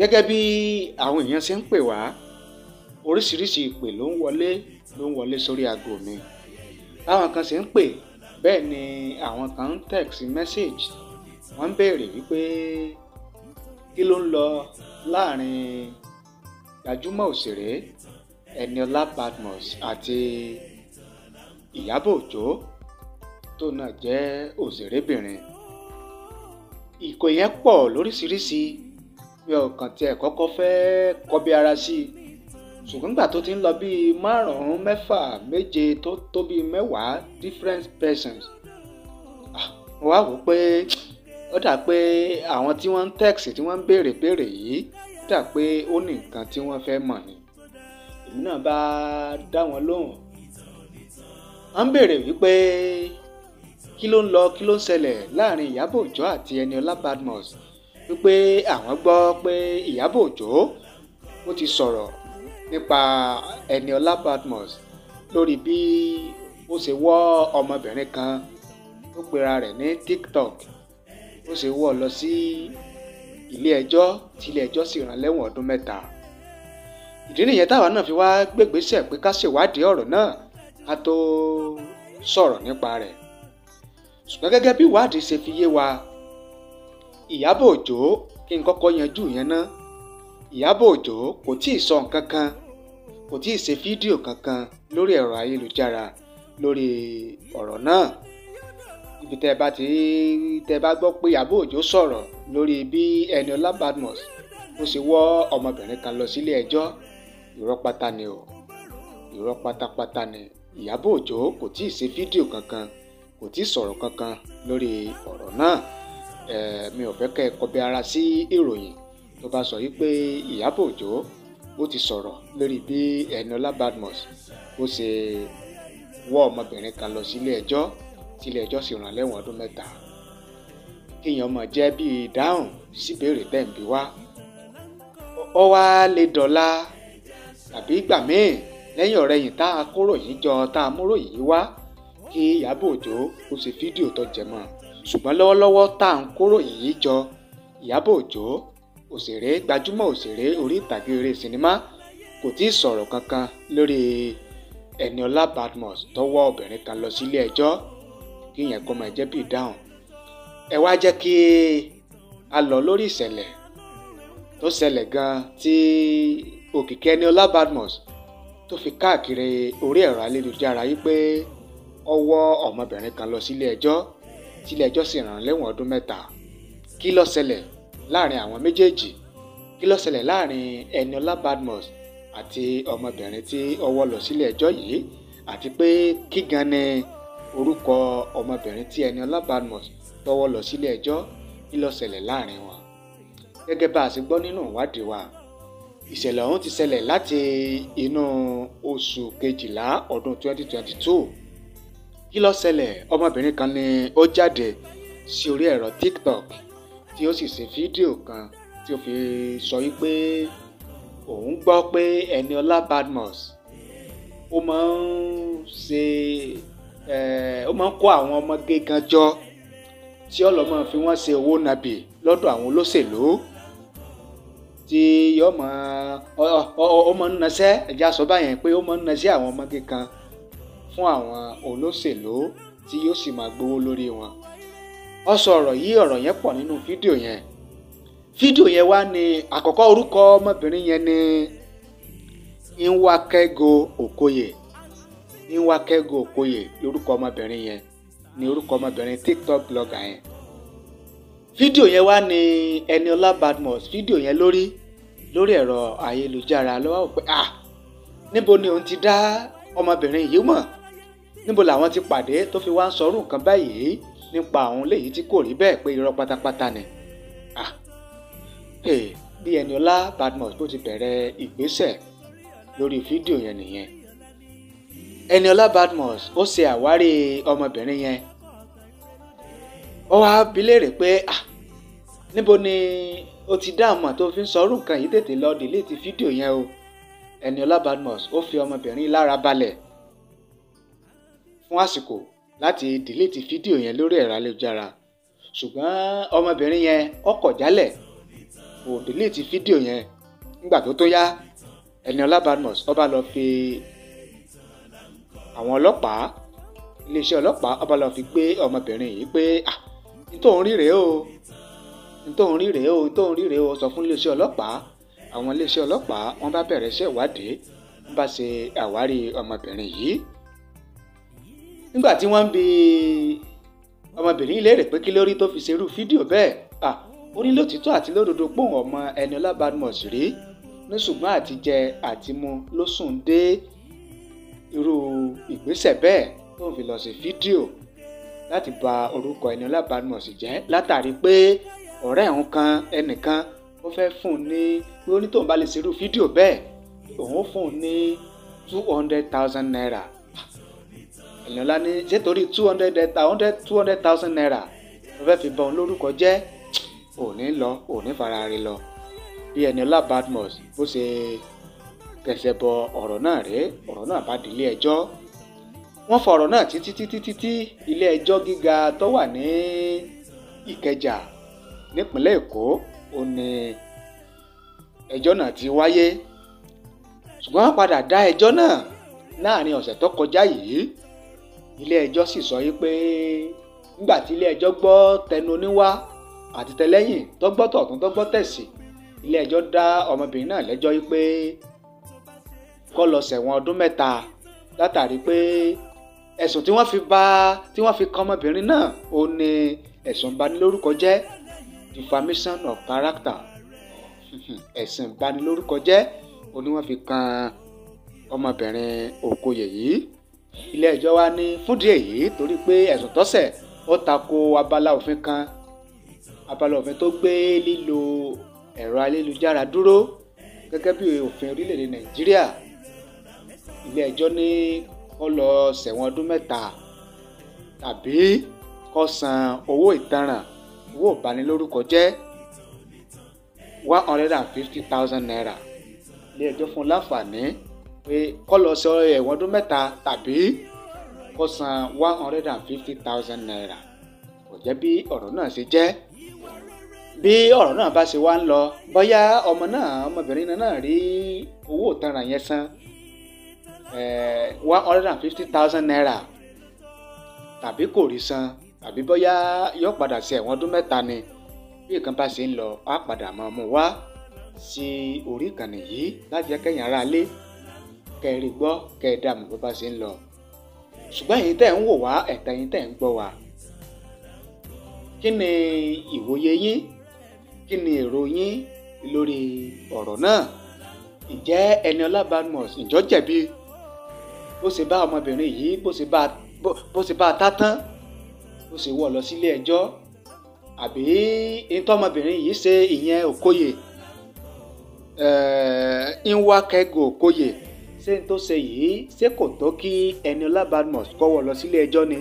gẹ́gẹ́ bí àwọn èèyàn ṣe ń pè wá oríṣiríṣi ìpè ló ń wọlé ló ń wọlé sórí aago mi àwọn kan ṣe ń pè bẹ́ẹ̀ ni àwọn kan ń text message wọ́n ń béèrè wípé kí ló ń lọ láàrin gbajúmọ̀ òṣèré Ẹniọlá Badmus àti Ìyábọ̀ Òjó tó náà jẹ́ òṣèrébìnrin ìkò yẹn pọ̀ lóríṣiríṣi mi ò kàn tiẹ̀ kọ́kọ́ fẹ́ẹ́ kọbi ara sí i ṣùgbọ́n gbà tó ti ń lọ bíi márùn-ún mẹ́fà méje tó tó bíi mẹ́wàá different persons ah, mo wá wò ó pé ó dà pé àwọn tí wọ́n ń text tí wọ́n ń béèrè béèrè yìí dà pé ó ní nǹkan tí wọ́n fẹ́ mọ̀ ni èmi náà bá dá wọn lóhùn wọ́n ń béèrè wípé kí ló ń lọ kí ló ń ṣẹlẹ̀ láàrin Ìyábọ̀ Òjó àti Ẹniọlá Badmus wípé àwọn gbọ́ pé Ìyábọ̀ Òjó ó ti sọ̀rọ̀ nípa Eniola Badmus lórí bí ó ṣe wọ́ ọmọbìnrin kan tó pera rẹ̀ ní TikTok ó ṣe wọ́ lọ sí ilé ẹjọ́ tí ilé ẹjọ́ sì rán lẹ́wọ̀n ọdún mẹ́ta ìdí nìyẹn táwa náà fi wá gbégbésẹ̀ pé ká ṣèwádìí ọ̀rọ̀ náà ká tó sọ̀rọ̀ nípa rẹ̀ ṣùgbọ́n gẹ́gẹ́ bí ìwádìí ṣe fi yé wa Ìyábọ̀ Òjó kí n kọ́kọ́ yanjú yẹn ná Ìyábọ̀ Òjó kò tí ì sọ nǹkan kan kò tí ì ṣe fídíò kankan lórí ẹ̀rọ ayélujára lórí ọ̀rọ̀ náà ibi tẹ́ bá ti tẹ́ bá gbọ́ pé Ìyábọ̀ Òjó sọ̀rọ̀ lórí bí Eniola Badmus ó ṣe wọ́ ọmọbìnrin kan lọ sílé ẹjọ́ irọ́ pátá ni o irọ́ pátápátá ni Ìyábọ̀ Òjó kò tí ì ṣe fídíò kankan kò tí ì sọ̀rọ̀ kankan lórí ọ̀rọ̀ náà mi ò fẹ́ kẹ́ ẹ kọbi ara sí ìròyìn tó bá sọ wípé Ìyábọ̀ Òjó ó ti sọ̀rọ̀ lórí bí Ẹniọlá Badmus ó ṣe wọ́ ọmọbìnrin kan lọ sílé ẹjọ́ tílé ẹjọ́ sì rán lẹ́wọ̀n ọdún mẹ́ta kéèyàn mọ̀ jẹ́ bí ìdáhùn síbéèrè tẹ̀m̀bí wá ó wá lè dọ̀la tàbí ìgbà míì lẹ́yìn ọ̀rẹ́yìn tá a kóròyìn jọ tá a múròyìn wá kí Ìyábọ̀ Òjó ó ṣe fídíò tó jẹ mọ́ ọ ṣùgbọ́n lọ́wọ́lọ́wọ́ tá à ń kóró yìí jọ Ìyábọ̀ Òjó òṣèré gbajúmọ̀ òṣèré orí ìtàgé eré sinimá kò tí ì sọ̀rọ̀ kankan lórí Ẹniọlá Badmus tọ́wọ́ obìnrin kan lọ sílé ẹjọ́ kí yẹn kó máa jẹ́ bí ìdáhùn ẹ wá jẹ́ kí a lọ lórí ìṣẹ̀lẹ̀ tó ṣẹlẹ̀ gan tí òkìkí Ẹniọlá Badmus tó fi káàkiri orí ẹ̀rọ ayélujára yìí pé ọwọ́ ọmọbìnrin kan lọ sílé ẹjọ́ tílé-ẹjọ́ sì rán lẹ́wọ̀n ọdún mẹ́ta kí ló ṣẹlẹ̀ láàrin àwọn méjèèjì kí ló ṣẹlẹ̀ láàrin Eniola Badmus àti ọmọbìnrin tí ọwọ́ lọ sílé ẹjọ́ yìí àti pé kí gan ni orúkọ ọmọbìnrin tí Eniola Badmus tọwọ́ lọ sílé ẹjọ́ kí ló ṣẹlẹ̀ láàrin wọn. gẹ́gẹ́ bá a ṣe gbọ́ nínú ìwádìí wa ìṣẹ̀lẹ̀ ọ̀hún ti ṣẹlẹ̀ láti inú oṣù kejìlá ọdún 2022 kí ló ṣẹlẹ̀ ọmọbìnrin kan ni ó jáde sí orí ẹ̀rọ tiktok tí ó sì ṣe fídíò kan tí ó fi sọ wípé òun gbọ́ pé Eniola Badmus ó máa ń ṣe ó máa ń kó àwọn ọmọge kan jọ tí ọlọ́mọ fi wọ́n ṣe owó nàbì lọ́dọ̀ àwọn olóṣèlú tí yọ máa ọ ọ ọ máa ń nasẹ́ ẹ̀já sọ báyẹn pé ó máa ń nasẹ́ àwọn ọmọge kan fún àwọn olóṣèlú tí yóò sì máa gbowó lórí wọn. ó sọ ọ̀rọ̀ yìí ọ̀rọ̀ yẹn pọ̀ nínú fídíò yẹn fídíò yẹn wá ní àkọ́kọ́ orúkọ ọmọbìnrin yẹn ní Nwakego Okoye Nwakego Okoye orúkọ ọmọbìnrin yẹn ní orúkọ ọmọbìnrin TikTok blogger yẹn fídíò yẹn wá ní Eniola Badmus fídíò yẹn lórí lórí ẹ̀rọ ayélujára ló wá wò pé ah níbo ni òun ti dá ọmọbìnrin yìí mọ̀ níbo làwọn ti pàdé tó fi wá ń sọrú nǹkan báyìí nípa àwọn léyìí tí kò rí bẹ́ẹ̀ pé irọ́ pátápátá ni. bí Ẹniọlá Badmus bó ti bẹ̀rẹ̀ ìgbésẹ̀ lórí fídíò yẹn nìyẹn. Ẹniọlá Badmus ó ṣe àwárí ọmọbìnrin yẹn ó wá bi léèrè pé níbo ni o ti dá àmọ́ tó fi ń sọrú nǹkan yìí tètè lọ délé ti fídíò yẹn o Ẹniọlá Badmus ó fi ọmọbìnrin lára balẹ̀ fún àsìkò láti dìlítì fídíò yẹn lórí ẹ̀rọ ayélujára ṣùgbọ́n ọmọbìnrin yẹn ọkọ̀ jálẹ̀ kò dìlítì fídíò yẹn nígbà tó tó yá Eniola Badmus ọba lọ fi àwọn ọlọ́pàá iléeṣẹ́ ọlọ́pàá ọba lọ fi gbé ọmọbìnrin yìí pé ah nítòun rí rèé o nítòun rí rèé o nítòun rí rèé o sọ fún iléeṣẹ́ ọlọ́pàá àwọn iléeṣẹ́ ọlọ́pàá wọ́n bá bẹ̀rẹ̀ iṣẹ́ ìwádìí wọ́n bá ṣe àwárí ọmọbìnrin yìí nígbà tí wọ́n ń bi ọmọbìnrin ilé rẹ̀ pé kí ló rí tó fi ṣerú fídíò bẹ́ẹ̀ à ó ní lótìtọ́ àti lódodo pòun ọmọ Ẹniọlá Badmus rí ní ṣùgbọ́n àtijẹ àtimu ló sùn dé irú ìgbésẹ̀ bẹ́ẹ̀ tó ń fi lọ sí fídíò láti ba orúkọ Ẹniọlá Badmus jẹ́ látàrí pé ọ̀rẹ́ òun kan ẹnìkan ó fẹ́ fún un ní pé onítòun bá lè ṣerú fídíò bẹ́ẹ̀ òun fún un ní two hundred thousand naira ènìyàn ńlá ní ṣé two hundred thousand, two hundred thousand naira ló fẹ́ fi bọ́n lórúkọ jẹ́ òní lọ òní faraare lọ bí Eniola Badmus bó ṣe tẹ̀sẹ̀ bọ ọ̀rọ̀ náà rèé ọ̀rọ̀ náà bá di ilé ẹjọ́ wọ́n fọ̀rọ̀ náà títí títí títí ilé ẹjọ́ gíga tó wà ní Ìkẹjà nípínlẹ̀ Èkó ó ní ẹjọ́ náà ti wáyé ṣùgbọ́n wọ́n padà dá ẹjọ́ náà láàrin ọ̀sẹ̀ tó kọjá yìí ilé-ẹjọ́ sì sọ yìí pé nígbà tí ilé-ẹjọ́ gbọ́ tẹnu oníwá àti tẹlẹ́yìn tọ́gbọ́ tọ̀tún tọ́gbọ́ tẹ̀sì ilé-ẹjọ́ dá ọmọbìnrin náà lẹ́jọ́ yìí pé kó lọ sẹ̀wọ̀n ọdún mẹ́ta látàrí pé ẹ̀sùn tí wọ́n fi bá tí wọ́n fi kan ọmọbìnrin náà ó ní ẹ̀sùn ìbanilórúkọ jẹ́ defamation of character ẹ̀sùn ìbanilórúkọ jẹ́ ó ní wọ́n fi kan ọmọbìnrin Òkòyè yìí ilé ẹjọ́ wa ní fúndì èyí torí pé ẹ̀sùn tọ́sẹ̀ ó tako abala òfin kan abala òfin tó gbé lílo ẹ̀rọ ayélujára dúró gẹ́gẹ́ bí òfin orílẹ̀-èdè nàìjíríà ilé ẹjọ́ ní kó lọ sẹ̀wọ̀n ọdún mẹ́ta tàbí kó san owó ìtanràn owó ìbanilórúkọ jẹ́ one hundred and fifty thousand naira ilé ẹjọ́ fún láǹfààní pé kó lọ sọ ẹ̀wọ̀n ọdún mẹ́ta tàbí kó san one hundred and fifty thousand naira kò jẹ́ bí ọ̀rọ̀ náà ṣe jẹ́ bí ọ̀rọ̀ náà bá ṣe wá ń lọ bóyá ọmọ náà ọmọbìnrin náà rí owó ìtanràn yẹn san one hundred and fifty thousand naira tàbí kò rí san tàbí bóyá yóò padà sí ẹ̀wọ̀n ọdún mẹ́ta ni bí nǹkan bá ṣe ń lọ á padà máa mú wá sí orí ìkànnì yìí láti ẹkẹyìn ara lé kẹrin gbọ́ kẹdàmù bó bá ṣe ń lọ ṣùgbọ́n èyí tẹ̀ ń wò wá ẹ̀tẹ̀yìn tẹ̀ ń gbọ́ wá kí ni ìwòye yín kí ni èrò yín lórí ọ̀rọ̀ náà ǹjẹ́ Eniola Badmus ǹjọ́ jẹ̀bi bó ṣe bá ọmọbìnrin yìí bó ṣe bá bó ṣe bá a tá tán bó ṣe wọ̀ lọ sílé ẹjọ́ àbí ntọ́mọbìnrin yìí ṣe ìyẹn Okoye ẹ̀ ń wá kẹ́gò Okoye ṣé n tó ṣe yìí ṣé kò tó kí Eniola Badmus kọ́wọ́ lọ sílé ẹjọ́ ni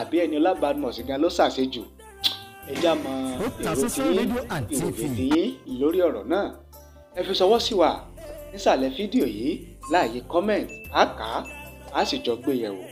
àbí Eniola Badmus gan ló ṣàṣejù ẹ já mọ èrò tí ìròyìn lórí ọ̀rọ̀ náà ẹ fi ṣọwọ́ sí wa nísàlẹ̀ fídíò yìí láàyè comment àkà á sì jọ gbé yẹ̀wò.